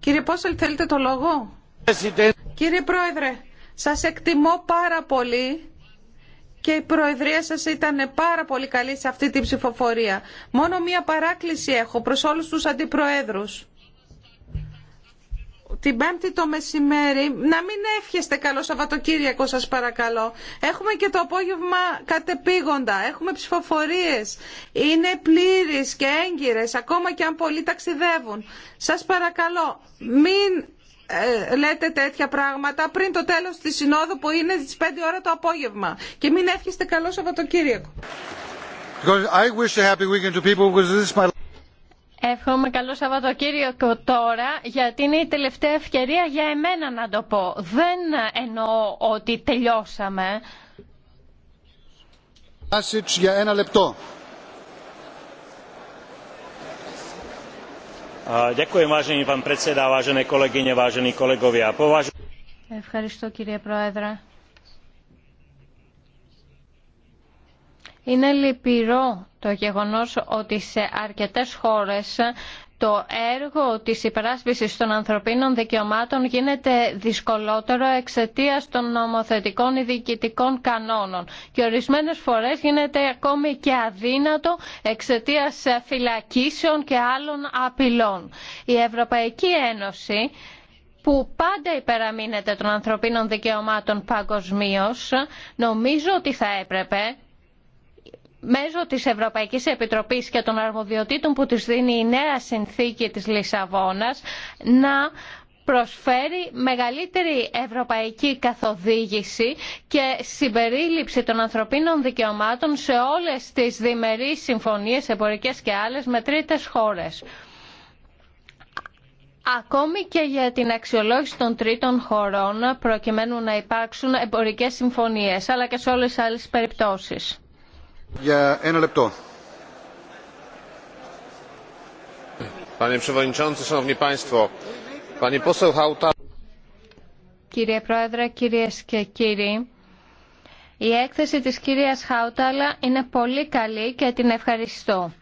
Κύριε Πόσελ, θέλετε το λόγο. Κύριε Πρόεδρε, σας εκτιμώ πάρα πολύ και η Προεδρία σας ήταν πάρα πολύ καλή σε αυτή την ψηφοφορία. Μόνο μία παράκληση έχω προς όλους τους αντιπροέδρους την Πέμπτη το μεσημέρι να μην εύχεστε καλό Σαββατοκύριακο σας παρακαλώ. Έχουμε και το απόγευμα κατεπήγοντα, έχουμε ψηφοφορίες, είναι πλήρε και έγκυρες ακόμα και αν πολλοί ταξιδεύουν. Σας παρακαλώ μην ε, λέτε τέτοια πράγματα πριν το τέλος της συνόδου που είναι στις 5 ώρα το απόγευμα και μην εύχεστε καλό Σαββατοκύριακο. Εύχομαι καλό Σαββατοκύριακο τώρα, γιατί είναι η τελευταία ευκαιρία για εμένα να το πω. Δεν εννοώ ότι τελειώσαμε. για ένα λεπτό. Ευχαριστώ κύριε Πρόεδρε. Είναι λυπηρό το γεγονός ότι σε αρκετές χώρες το έργο της υπεράσπισης των ανθρωπίνων δικαιωμάτων γίνεται δυσκολότερο εξαιτίας των νομοθετικών ή διοικητικών κανόνων και ορισμένες φορές γίνεται ακόμη και αδύνατο εξαιτίας φυλακίσεων και άλλων απειλών. Η Ευρωπαϊκή Ένωση που πάντα υπεραμείνεται των ανθρωπίνων δικαιωμάτων παγκοσμίω, νομίζω ότι θα έπρεπε μέσω της Ευρωπαϊκής Επιτροπής και των αρμοδιοτήτων που της δίνει η νέα συνθήκη της Λισαβόνας να προσφέρει μεγαλύτερη ευρωπαϊκή καθοδήγηση και συμπερίληψη των ανθρωπίνων δικαιωμάτων σε όλες τις διμερείς συμφωνίες εμπορικές και άλλες με τρίτες χώρες. Ακόμη και για την αξιολόγηση των τρίτων χωρών προκειμένου να υπάρξουν εμπορικές συμφωνίες αλλά και σε όλες τις άλλες περιπτώσεις. Κύριε Πρόεδρε, κυρίες και κύριοι, η έκθεση της κυρίας Χάουταλα είναι πολύ καλή και την ευχαριστώ.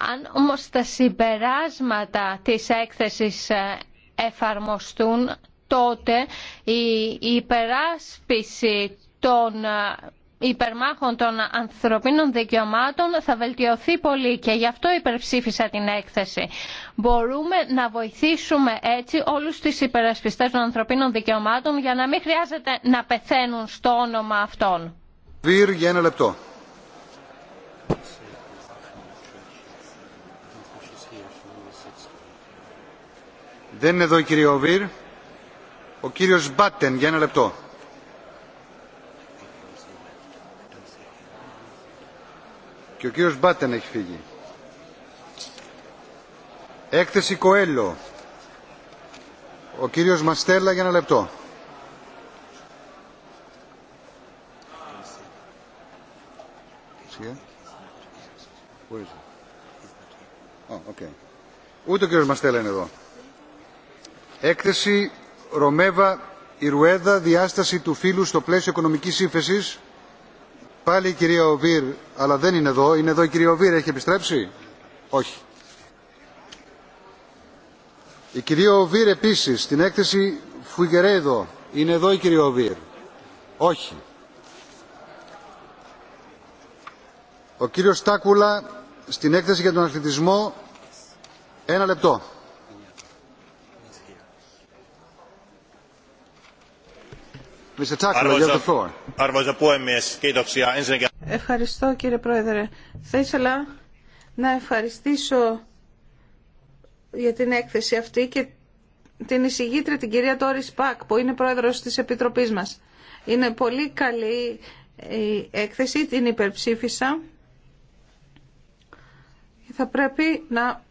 Αν όμως τα συμπεράσματα της έκθεσης ε, εφαρμοστούν, τότε η υπεράσπιση των ε, υπερμάχων των ανθρωπίνων δικαιωμάτων θα βελτιωθεί πολύ και γι' αυτό υπερψήφισα την έκθεση. Μπορούμε να βοηθήσουμε έτσι όλους τις υπερασπιστές των ανθρωπίνων δικαιωμάτων για να μην χρειάζεται να πεθαίνουν στο όνομα αυτών. Βίρ, για ένα λεπτό. Δεν είναι εδώ Ο κύριος Μπάτεν για ένα λεπτό. και ο κύριος Μπάτεν έχει φύγει. Έκθεση Κοέλιο. Ο κύριος Μαστέλλα, για ένα λεπτό. Ούτε ο κύριος Μαστέλλα είναι εδώ. Έκθεση Ρωμέβα Ιρουέδα, διάσταση του φύλου στο πλαίσιο οικονομικής ύφεσης. Πάλι η κυρία Οβίρ, αλλά δεν είναι εδώ. Είναι εδώ η κυρία Οβίρ, έχει επιστρέψει. Όχι. Η κυρία Οβίρ επίσης, στην έκθεση Φουγερέδο, Είναι εδώ η κυρία Οβίρ. Όχι. Ο κύριος Στάκουλα, στην έκθεση για τον αθλητισμό, ένα λεπτό. Ευχαριστώ κύριε Πρόεδρε. Θα ήθελα να ευχαριστήσω για την έκθεση αυτή και την εισηγήτρια την κυρία Τόρι Πακ που είναι πρόεδρος της Επιτροπής μας. Είναι πολύ καλή η έκθεση, την υπερψήφισα. Θα πρέπει να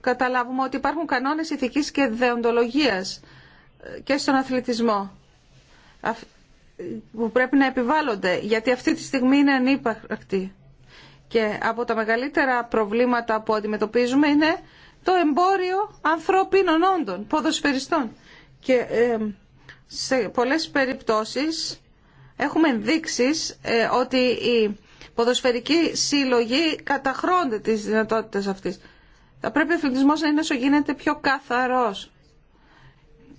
καταλάβουμε ότι υπάρχουν κανόνες ηθικής και δεοντολογίας και στον αθλητισμό που πρέπει να επιβάλλονται, γιατί αυτή τη στιγμή είναι ανύπαρκτη. Και από τα μεγαλύτερα προβλήματα που αντιμετωπίζουμε είναι το εμπόριο ανθρωπίνων όντων, ποδοσφαιριστών. Και σε πολλές περιπτώσεις έχουμε ενδείξεις ε, ότι οι ποδοσφαιρικοί σύλλογοι καταχρώνται τις δυνατότητες αυτής. Θα πρέπει ο εθνισμός να είναι όσο γίνεται πιο καθαρός.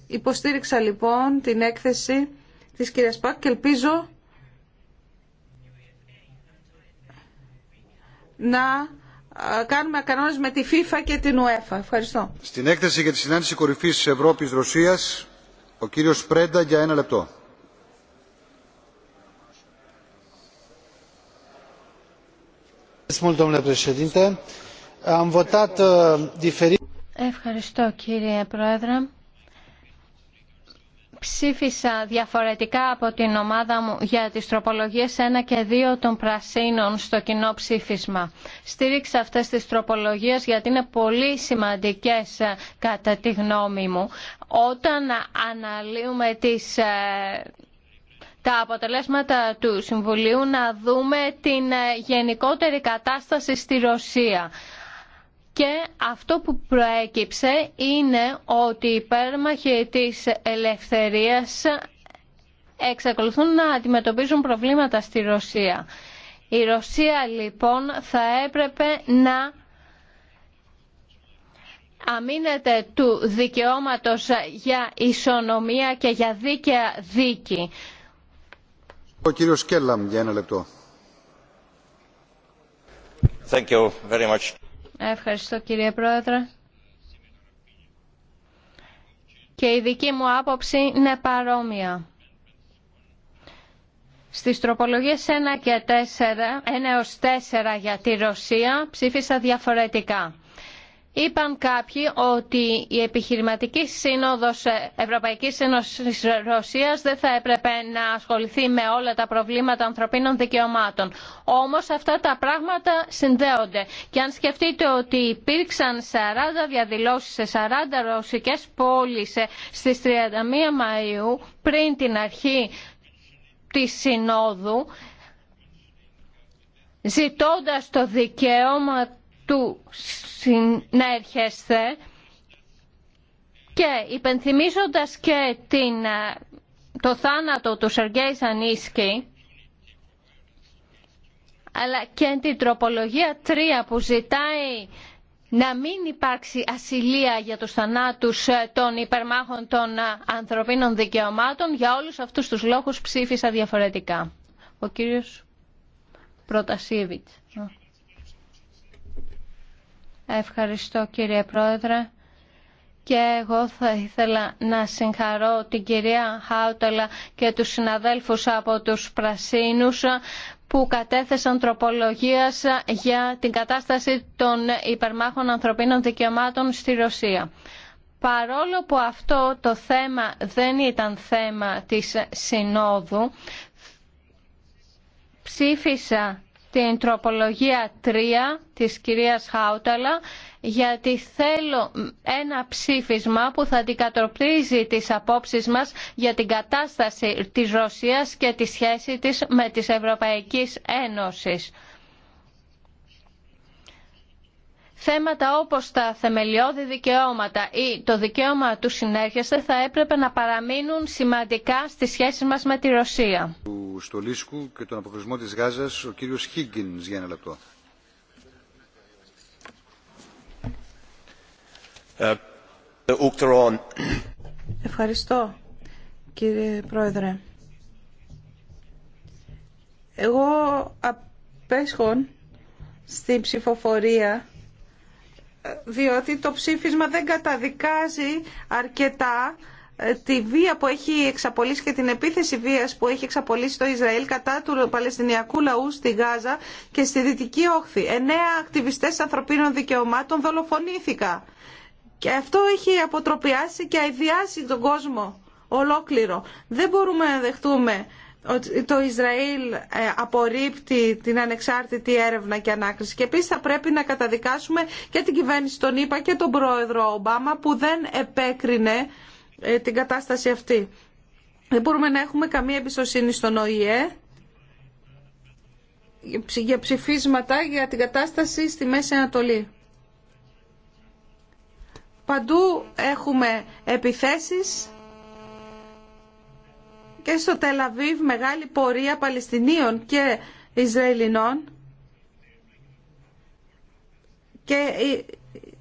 Υποστήριξα λοιπόν την έκθεση της κυρίας Πακ και ελπίζω να κάνουμε κανόνες με τη FIFA και την UEFA. Ευχαριστώ. Στην έκθεση για τη συνάντηση κορυφής της Ευρώπης Ρωσίας, ο κύριος Πρέντα για ένα λεπτό. Uh, Ευχαριστώ κύριε Πρόεδρε ψήφισα διαφορετικά από την ομάδα μου για τις τροπολογίες 1 και 2 των πρασίνων στο κοινό ψήφισμα. Στήριξα αυτές τις τροπολογίες γιατί είναι πολύ σημαντικές ε, κατά τη γνώμη μου. Όταν αναλύουμε ε, τα αποτελέσματα του Συμβουλίου να δούμε την ε, γενικότερη κατάσταση στη Ρωσία και αυτό που προέκυψε είναι ότι οι υπέρμαχοι της ελευθερίας εξακολουθούν να αντιμετωπίζουν προβλήματα στη Ρωσία. Η Ρωσία λοιπόν θα έπρεπε να αμήνεται του δικαιώματος για ισονομία και για δίκαια δίκη. Ο κύριος Κέλλαμ για ένα λεπτό. Thank you Ευχαριστώ κύριε Πρόεδρε. Και η δική μου άποψη είναι παρόμοια. Στις τροπολογίες 1 και 4, 1 έως 4 για τη Ρωσία ψήφισα διαφορετικά. Είπαν κάποιοι ότι η επιχειρηματική σύνοδος Ευρωπαϊκής Ένωσης Ρωσίας δεν θα έπρεπε να ασχοληθεί με όλα τα προβλήματα ανθρωπίνων δικαιωμάτων. Όμως αυτά τα πράγματα συνδέονται. Και αν σκεφτείτε ότι υπήρξαν 40 διαδηλώσεις σε 40 ρωσικές πόλεις στις 31 Μαΐου πριν την αρχή της Συνόδου, ζητώντας το δικαίωμα του να και υπενθυμίζοντας και την, το θάνατο του Σεργέη Σανίσκη αλλά και την τροπολογία 3 που ζητάει να μην υπάρξει ασυλία για τους θανάτους ε, των υπερμάχων των ε, ανθρωπίνων δικαιωμάτων. Για όλους αυτούς τους λόγους ψήφισα διαφορετικά. Ο κύριος Προτασίεβιτς. Ευχαριστώ κύριε Πρόεδρε. Και εγώ θα ήθελα να συγχαρώ την κυρία Χάουτελα και τους συναδέλφους από τους Πρασίνους που κατέθεσαν τροπολογίας για την κατάσταση των υπερμάχων ανθρωπίνων δικαιωμάτων στη Ρωσία. Παρόλο που αυτό το θέμα δεν ήταν θέμα της Συνόδου, ψήφισα την τροπολογία 3 της κυρίας Χάουταλα γιατί θέλω ένα ψήφισμα που θα αντικατοπτρίζει τις απόψεις μας για την κατάσταση της Ρωσίας και τη σχέση της με τις Ευρωπαϊκής Ένωσης. θέματα όπως τα θεμελιώδη δικαιώματα ή το δικαίωμα του συνέρχεστε θα έπρεπε να παραμείνουν σημαντικά στις σχέσεις μας με τη Ρωσία. και τον αποκλεισμό της Γάζας ο κύριος Χίγκινς για ένα λεπτό. Ευχαριστώ κύριε Πρόεδρε. Εγώ απέσχον στην ψηφοφορία διότι το ψήφισμα δεν καταδικάζει αρκετά ε, τη βία που έχει εξαπολύσει και την επίθεση βίας που έχει εξαπολύσει το Ισραήλ κατά του Παλαιστινιακού λαού στη Γάζα και στη Δυτική Όχθη. Εννέα ακτιβιστές ανθρωπίνων δικαιωμάτων δολοφονήθηκαν. Και αυτό έχει αποτροπιάσει και αειδιάσει τον κόσμο ολόκληρο. Δεν μπορούμε να δεχτούμε ότι το Ισραήλ ε, απορρίπτει την ανεξάρτητη έρευνα και ανάκριση. Και επίσης θα πρέπει να καταδικάσουμε και την κυβέρνηση των ΗΠΑ και τον πρόεδρο Ομπάμα που δεν επέκρινε ε, την κατάσταση αυτή. Δεν μπορούμε να έχουμε καμία εμπιστοσύνη στον ΟΗΕ για ψηφίσματα για την κατάσταση στη Μέση Ανατολή. Παντού έχουμε επιθέσεις και στο Τελαβίβ μεγάλη πορεία Παλαιστινίων και Ισραηλινών και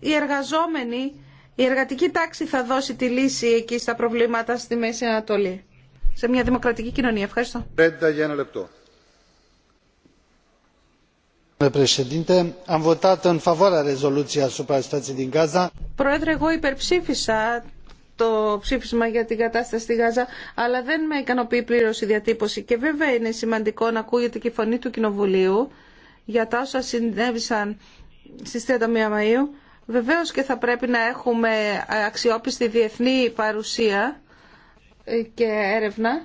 οι εργαζόμενοι, η εργατική τάξη θα δώσει τη λύση εκεί στα προβλήματα στη Μέση Ανατολή. Σε μια δημοκρατική κοινωνία. Ευχαριστώ. για ένα λεπτό. Πρόεδρε, εγώ υπερψήφισα το ψήφισμα για την κατάσταση στη Γάζα, αλλά δεν με ικανοποιεί πλήρω η διατύπωση. Και βέβαια είναι σημαντικό να ακούγεται και η φωνή του Κοινοβουλίου για τα όσα συνέβησαν στι 31 Μαου. Βεβαίω και θα πρέπει να έχουμε αξιόπιστη διεθνή παρουσία και έρευνα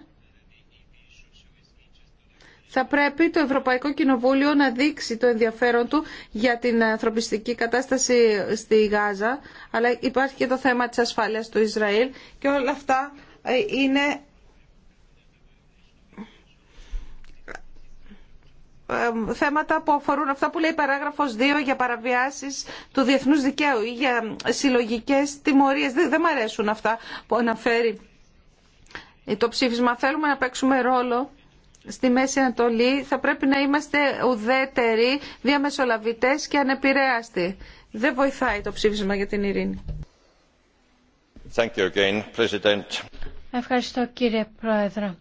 θα πρέπει το Ευρωπαϊκό Κοινοβούλιο να δείξει το ενδιαφέρον του για την ανθρωπιστική κατάσταση στη Γάζα, αλλά υπάρχει και το θέμα της ασφάλειας του Ισραήλ και όλα αυτά ε, είναι ε, θέματα που αφορούν αυτά που λέει παράγραφος 2 για παραβιάσεις του διεθνούς δικαίου ή για συλλογικές τιμωρίες. Δεν, δεν μου αρέσουν αυτά που αναφέρει το ψήφισμα. Θέλουμε να παίξουμε ρόλο στη Μέση Ανατολή θα πρέπει να είμαστε ουδέτεροι, διαμεσολαβητές και ανεπηρέαστοι. Δεν βοηθάει το ψήφισμα για την ειρήνη. Thank you again, President. Ευχαριστώ κύριε Πρόεδρε.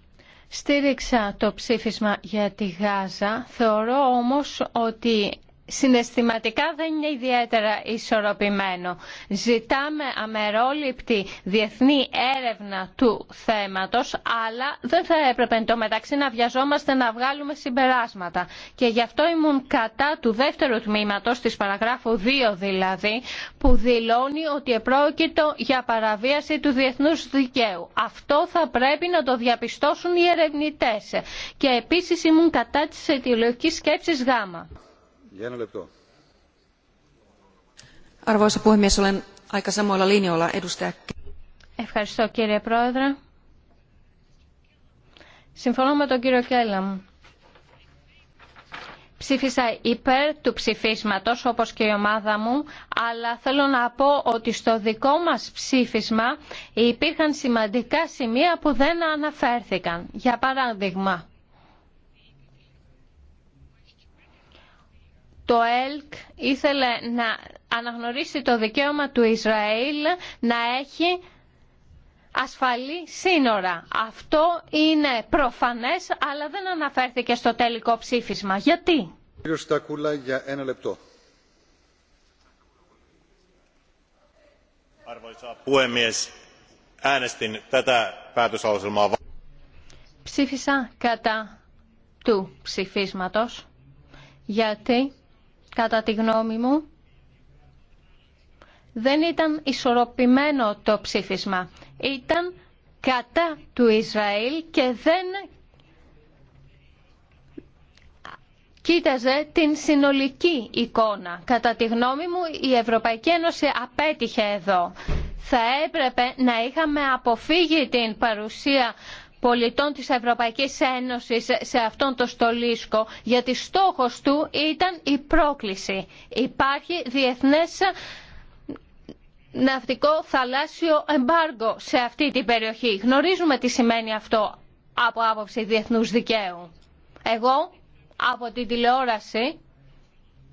Στήριξα το ψήφισμα για τη Γάζα. Θεωρώ όμως ότι συναισθηματικά δεν είναι ιδιαίτερα ισορροπημένο. Ζητάμε αμερόληπτη διεθνή έρευνα του θέματος, αλλά δεν θα έπρεπε το μεταξύ να βιαζόμαστε να βγάλουμε συμπεράσματα. Και γι' αυτό ήμουν κατά του δεύτερου τμήματος, της παραγράφου 2 δηλαδή, που δηλώνει ότι επρόκειτο για παραβίαση του διεθνούς δικαίου. Αυτό θα πρέπει να το διαπιστώσουν οι ερευνητές. Και επίσης ήμουν κατά της αιτιολογικής σκέψης γάμα λεπτό. Ευχαριστώ κύριε Πρόεδρε. Συμφωνώ με τον κύριο Κέλλαμ. Ψήφισα υπέρ του ψηφίσματος όπως και η ομάδα μου, αλλά θέλω να πω ότι στο δικό μας ψήφισμα υπήρχαν σημαντικά σημεία που δεν αναφέρθηκαν. Για παράδειγμα, το ΕΛΚ ήθελε να αναγνωρίσει το δικαίωμα του Ισραήλ να έχει ασφαλή σύνορα. Αυτό είναι προφανές, αλλά δεν αναφέρθηκε στο τελικό ψήφισμα. Γιατί? Κύριο για ένα λεπτό. Ψήφισα κατά του ψηφίσματος, γιατί κατά τη γνώμη μου, δεν ήταν ισορροπημένο το ψήφισμα. Ήταν κατά του Ισραήλ και δεν κοίταζε την συνολική εικόνα. Κατά τη γνώμη μου η Ευρωπαϊκή Ένωση απέτυχε εδώ. Θα έπρεπε να είχαμε αποφύγει την παρουσία πολιτών της Ευρωπαϊκής Ένωσης σε αυτόν τον στολίσκο, γιατί στόχος του ήταν η πρόκληση. Υπάρχει διεθνές ναυτικό θαλάσσιο εμπάργκο σε αυτή την περιοχή. Γνωρίζουμε τι σημαίνει αυτό από άποψη διεθνούς δικαίου. Εγώ από την τηλεόραση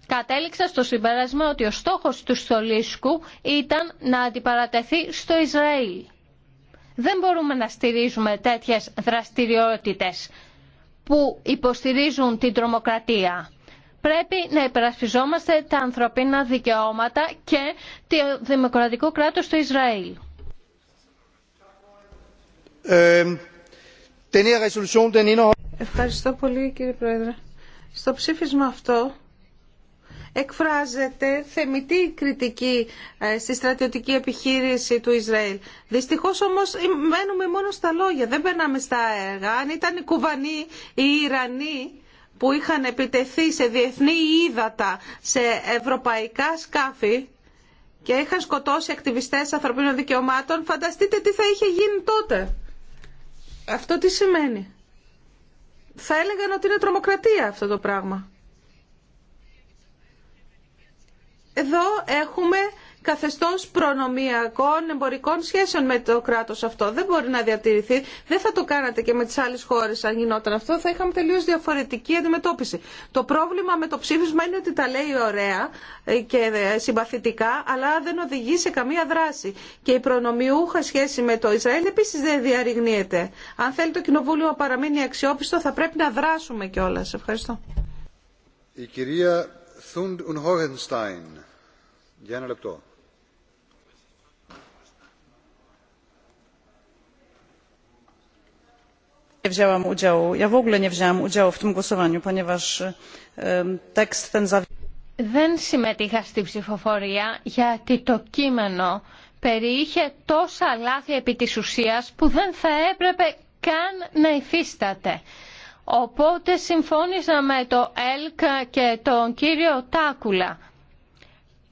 κατέληξα στο συμπέρασμα ότι ο στόχος του στολίσκου ήταν να αντιπαρατεθεί στο Ισραήλ. Δεν μπορούμε να στηρίζουμε τέτοιες δραστηριότητες που υποστηρίζουν την τρομοκρατία. Πρέπει να υπερασπιζόμαστε τα ανθρωπίνα δικαιώματα και το δημοκρατικό κράτος του Ισραήλ. Ε, Ευχαριστώ πολύ κύριε Πρόεδρε. Στο ψήφισμα αυτό εκφράζεται θεμητή κριτική ε, στη στρατιωτική επιχείρηση του Ισραήλ. Δυστυχώς όμως μένουμε μόνο στα λόγια, δεν περνάμε στα έργα. Αν ήταν οι Κουβανοί ή οι Ιρανοί που είχαν επιτεθεί σε διεθνή ύδατα, σε ευρωπαϊκά σκάφη και είχαν σκοτώσει ακτιβιστές ανθρωπίνων δικαιωμάτων, φανταστείτε τι θα είχε γίνει τότε. Αυτό τι σημαίνει. Θα έλεγαν ότι είναι τρομοκρατία αυτό το πράγμα. εδώ έχουμε καθεστώς προνομιακών εμπορικών σχέσεων με το κράτος αυτό. Δεν μπορεί να διατηρηθεί. Δεν θα το κάνατε και με τις άλλες χώρες αν γινόταν αυτό. Θα είχαμε τελείως διαφορετική αντιμετώπιση. Το πρόβλημα με το ψήφισμα είναι ότι τα λέει ωραία ε, και ε, συμπαθητικά, αλλά δεν οδηγεί σε καμία δράση. Και η προνομιούχα σχέση με το Ισραήλ επίσης δεν διαρριγνύεται. Αν θέλει το Κοινοβούλιο να παραμείνει αξιόπιστο, θα πρέπει να δράσουμε κιόλα. Ευχαριστώ. Η κυρία δεν συμμετείχα στη ψηφοφορία γιατί το κείμενο περιείχε τόσα λάθη επί της ουσίας που δεν θα έπρεπε καν να υφίσταται. Οπότε συμφώνησα με το ΕΛΚ και τον κύριο Τάκουλα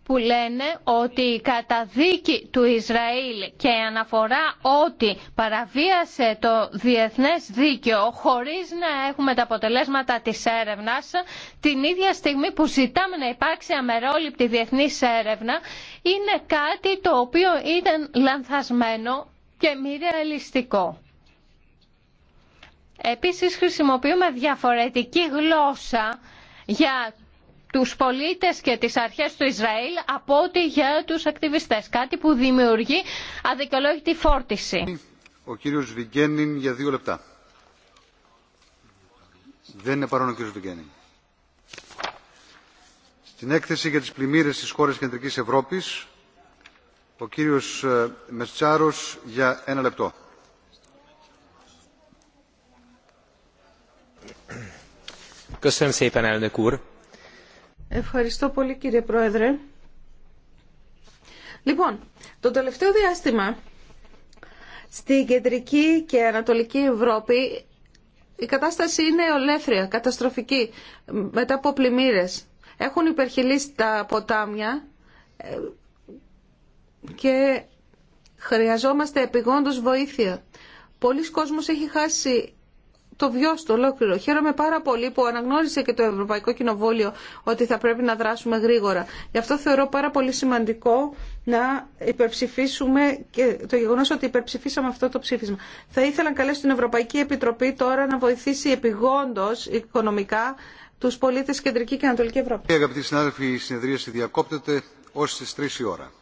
που λένε ότι η καταδίκη του Ισραήλ και αναφορά ότι παραβίασε το διεθνές δίκαιο χωρίς να έχουμε τα αποτελέσματα της έρευνας την ίδια στιγμή που ζητάμε να υπάρξει αμερόληπτη διεθνής έρευνα είναι κάτι το οποίο ήταν λανθασμένο και μη ρεαλιστικό. Επίσης χρησιμοποιούμε διαφορετική γλώσσα για τους πολίτες και τις αρχές του Ισραήλ από ό,τι για τους ακτιβιστές. Κάτι που δημιουργεί αδικαιολόγητη φόρτιση. Ο κύριος Βιγγένιν για δύο λεπτά. Δεν είναι παρόν ο κύριος Στην έκθεση για τις πλημμύρες στις χώρες Κεντρικής Ευρώπης, ο κύριος ε, Μεστσάρος για ένα λεπτό. Ευχαριστώ πολύ κύριε Πρόεδρε. Λοιπόν, το τελευταίο διάστημα στη κεντρική και ανατολική Ευρώπη η κατάσταση είναι ολέθρια, καταστροφική, μετά από πλημμύρες. Έχουν υπερχειλήσει τα ποτάμια ε, και χρειαζόμαστε επιγόντως βοήθεια. Πολλοί κόσμος έχει χάσει το βιώσει το ολόκληρο. Χαίρομαι πάρα πολύ που αναγνώρισε και το Ευρωπαϊκό Κοινοβούλιο ότι θα πρέπει να δράσουμε γρήγορα. Γι' αυτό θεωρώ πάρα πολύ σημαντικό να υπερψηφίσουμε και το γεγονός ότι υπερψηφίσαμε αυτό το ψήφισμα. Θα ήθελα να καλέσω την Ευρωπαϊκή Επιτροπή τώρα να βοηθήσει επιγόντως οικονομικά τους πολίτες Κεντρική και Ανατολική Ευρώπη. Αγαπητοί συνάδελφοι, η συνεδρίαση διακόπτεται ως ώρα.